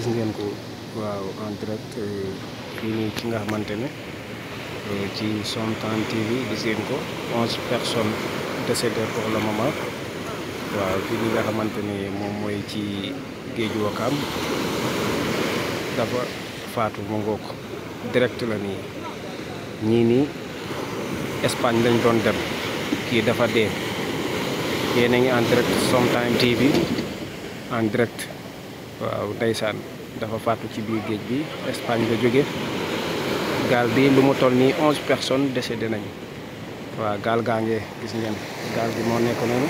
gis ngeen ko waaw en direct ñu ki nga xamante ne ci son temps tv gis ngeen ko onze personnes décédées pour le moment waaw fi dah nga xamante ne moom mooy ci géej wakaam dafa faatu mu ngoo ko direct la nii ñii nii espagne lañ doon dem kii dafa dee yéen a ngi en direct sometime tv en direct waaw ndeysaan dafa faatu ci biir géej bi Espagne la jóge gaal bi lu mu toll nii onze personnes de nañu waaw gaal gaa ngee gis ngeen gaal bi moo nekk noonu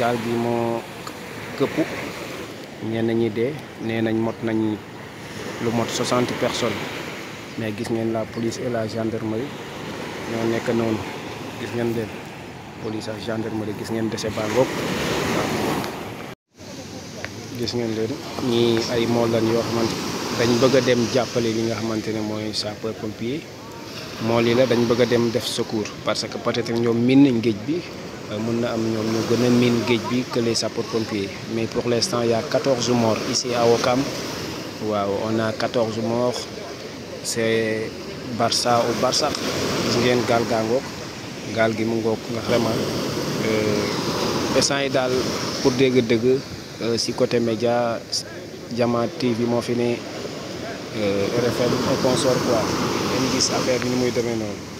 gaal bi moo këpp ñenn ñi dee nee nañ mot nañ lu mot soixante personnes mais gis ngeen la police et la gendarmerie ñoo nekk noonu gis ngeen leen police ak gendarmerie gis ngeen dese baa gis ngeen leen ñii ay moolan yoo xamante dañ bëgg a dem jàppale li nga xamante ne mooy sapeur pompier mool yi la dañ bëgg a dem def secours parce que peut être ñoom min nañ géej bi euh, mën na am ñoom ñu gën a min géej bi que les sapeurs pompiers mais pour l' instant y' a 14 morts ici à Wakam waaw on a 14 morts c' est Barça au Barça gis ngeen gaal gaa ngoog gaal gi mu ngoog nga vraiment euh, instant yi daal pour dégg-dëgg Euh, si côté média Jama TV moo fi ne euh, RFM consort quoi dañu gis affaire bi ni muy demee noonu